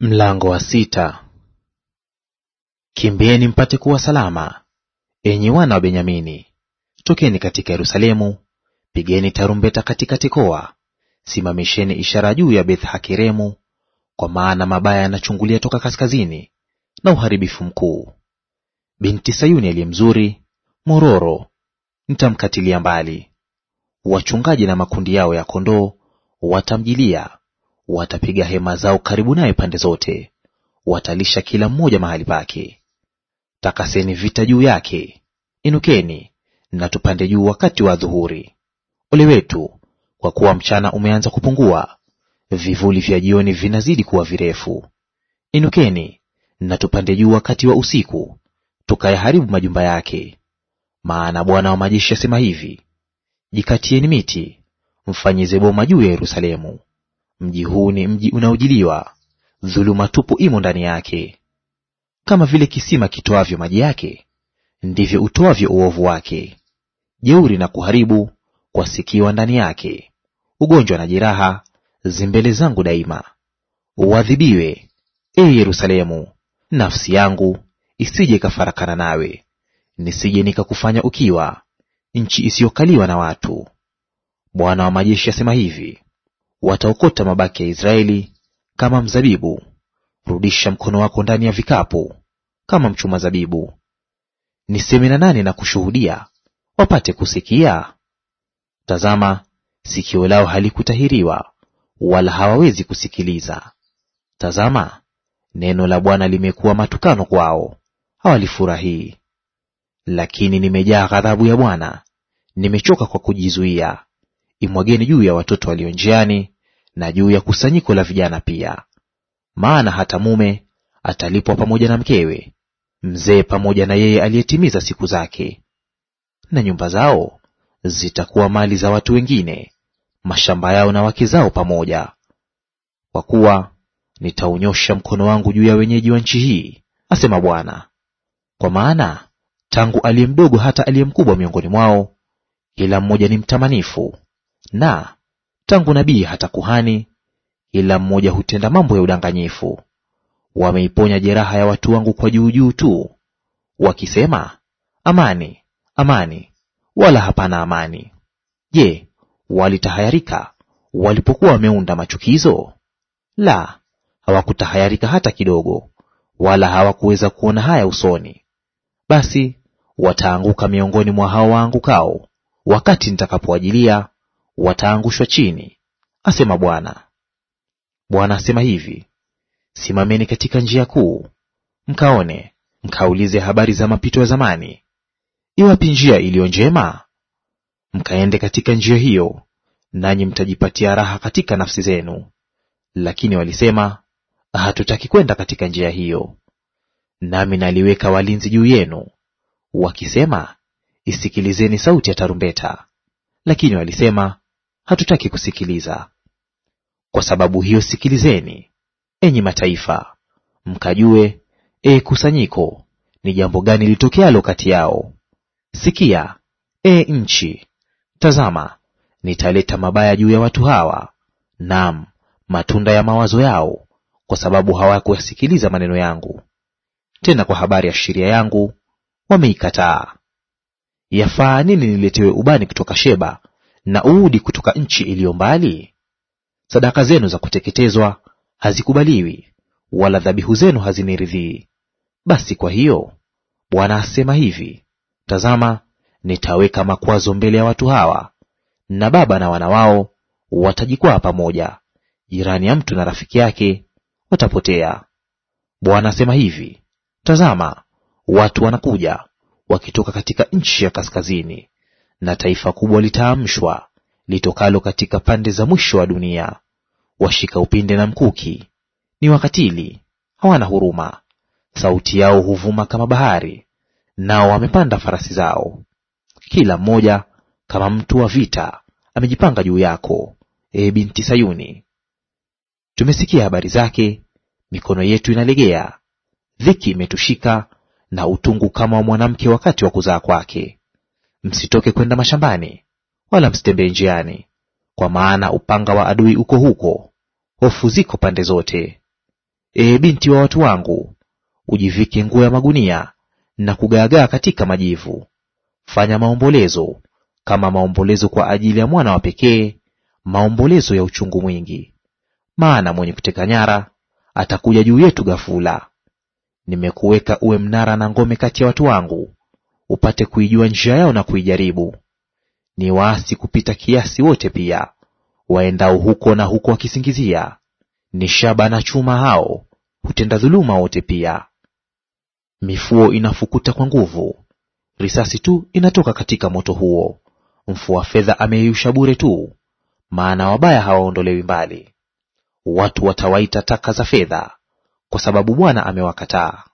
Mlango wa sita. Kimbieni mpate kuwa salama, enyi wana wa Benyamini; tokeni katika Yerusalemu, pigeni tarumbeta katika Tekoa, simamisheni ishara juu ya Beth Hakiremu, kwa maana mabaya yanachungulia toka kaskazini, na uharibifu mkuu. Binti Sayuni aliye mzuri mororo nitamkatilia mbali, wachungaji na makundi yao ya kondoo watamjilia, Watapiga hema zao karibu naye pande zote, watalisha kila mmoja mahali pake. Takaseni vita juu yake, inukeni na tupande juu wakati wa dhuhuri. Ole wetu, kwa kuwa mchana umeanza kupungua, vivuli vya jioni vinazidi kuwa virefu. Inukeni na tupande juu wakati wa usiku, tukayaharibu majumba yake. Maana Bwana wa majeshi asema hivi, jikatieni miti, mfanyize boma juu ya Yerusalemu. Mji huu ni mji unaojiliwa, dhuluma tupu imo ndani yake. Kama vile kisima kitoavyo maji yake, ndivyo utoavyo uovu wake. Jeuri na kuharibu kwasikiwa ndani yake, ugonjwa na jeraha zi mbele zangu daima. Uadhibiwe, e Yerusalemu, nafsi yangu isije ikafarakana nawe, nisije nikakufanya ukiwa, nchi isiyokaliwa na watu. Bwana wa majeshi asema hivi: wataokota mabaki ya Israeli kama mzabibu; rudisha mkono wako ndani ya vikapu kama mchuma zabibu. Niseme na nani na kushuhudia, wapate kusikia? Tazama, sikio lao halikutahiriwa, wala hawawezi kusikiliza. Tazama, neno la Bwana limekuwa matukano kwao, hawalifurahii. Lakini nimejaa ghadhabu ya Bwana, nimechoka kwa kujizuia. Imwageni juu ya watoto walio njiani na juu ya kusanyiko la vijana pia. Maana hata mume atalipwa pamoja na mkewe, mzee pamoja na yeye aliyetimiza siku zake. Na nyumba zao zitakuwa mali za watu wengine, mashamba yao na wake zao pamoja. Kwa kuwa nitaunyosha mkono wangu juu ya wenyeji wa nchi hii, asema Bwana. Kwa maana tangu aliye mdogo hata aliye mkubwa miongoni mwao, kila mmoja ni mtamanifu, na tangu nabii hata kuhani, kila mmoja hutenda mambo ya udanganyifu. Wameiponya jeraha ya watu wangu kwa juujuu tu, wakisema amani, amani, wala hapana amani. Je, walitahayarika walipokuwa wameunda machukizo? La, hawakutahayarika hata kidogo, wala hawakuweza kuona haya usoni. Basi wataanguka miongoni mwa hao waangukao, wakati nitakapoajilia wataangushwa chini, asema Bwana. Bwana asema hivi, simameni katika njia kuu, mkaone, mkaulize habari za mapito ya zamani. Iwapi njia iliyo njema? Mkaende katika njia hiyo, nanyi mtajipatia raha katika nafsi zenu. Lakini walisema, hatutaki kwenda katika njia hiyo. Nami naliweka walinzi juu yenu, wakisema, isikilizeni sauti ya tarumbeta. Lakini walisema, hatutaki kusikiliza. Kwa sababu hiyo sikilizeni, enyi mataifa, mkajue, e kusanyiko, ni jambo gani litokealo kati yao. Sikia, e nchi, tazama, nitaleta mabaya juu ya watu hawa, naam, matunda ya mawazo yao, kwa sababu hawakuyasikiliza maneno yangu. Tena kwa habari ya sheria yangu wameikataa. Yafaa nini niletewe ubani kutoka Sheba na uudi kutoka nchi iliyo mbali? Sadaka zenu za kuteketezwa hazikubaliwi, wala dhabihu zenu haziniridhii. Basi kwa hiyo Bwana asema hivi, tazama, nitaweka makwazo mbele ya watu hawa, na baba na wana wao watajikwaa pamoja, jirani ya mtu na rafiki yake watapotea. Bwana asema hivi, tazama, watu wanakuja wakitoka katika nchi ya kaskazini, na taifa kubwa litaamshwa litokalo katika pande za mwisho wa dunia, washika upinde na mkuki, ni wakatili, hawana huruma; sauti yao huvuma kama bahari, nao wamepanda farasi zao. Kila mmoja kama mtu wa vita amejipanga juu yako, e binti Sayuni. Tumesikia habari zake, mikono yetu inalegea; dhiki imetushika na utungu kama wa mwanamke wakati wa kuzaa kwake. Msitoke kwenda mashambani, wala msitembee njiani, kwa maana upanga wa adui uko huko, hofu ziko pande zote. Ee binti wa watu wangu, ujivike nguo ya magunia na kugaagaa katika majivu. Fanya maombolezo kama maombolezo kwa ajili ya mwana wa pekee, maombolezo ya uchungu mwingi, maana mwenye kuteka nyara atakuja juu yetu ghafula. Nimekuweka uwe mnara na ngome kati ya watu wangu, upate kuijua njia yao na kuijaribu. Ni waasi kupita kiasi wote pia, waendao huko na huko wakisingizia; ni shaba na chuma hao, hutenda dhuluma wote pia. Mifuo inafukuta kwa nguvu, risasi tu inatoka katika moto huo. Mfua fedha ameiusha bure tu, maana wabaya hawaondolewi mbali. Watu watawaita taka za fedha, kwa sababu Bwana amewakataa.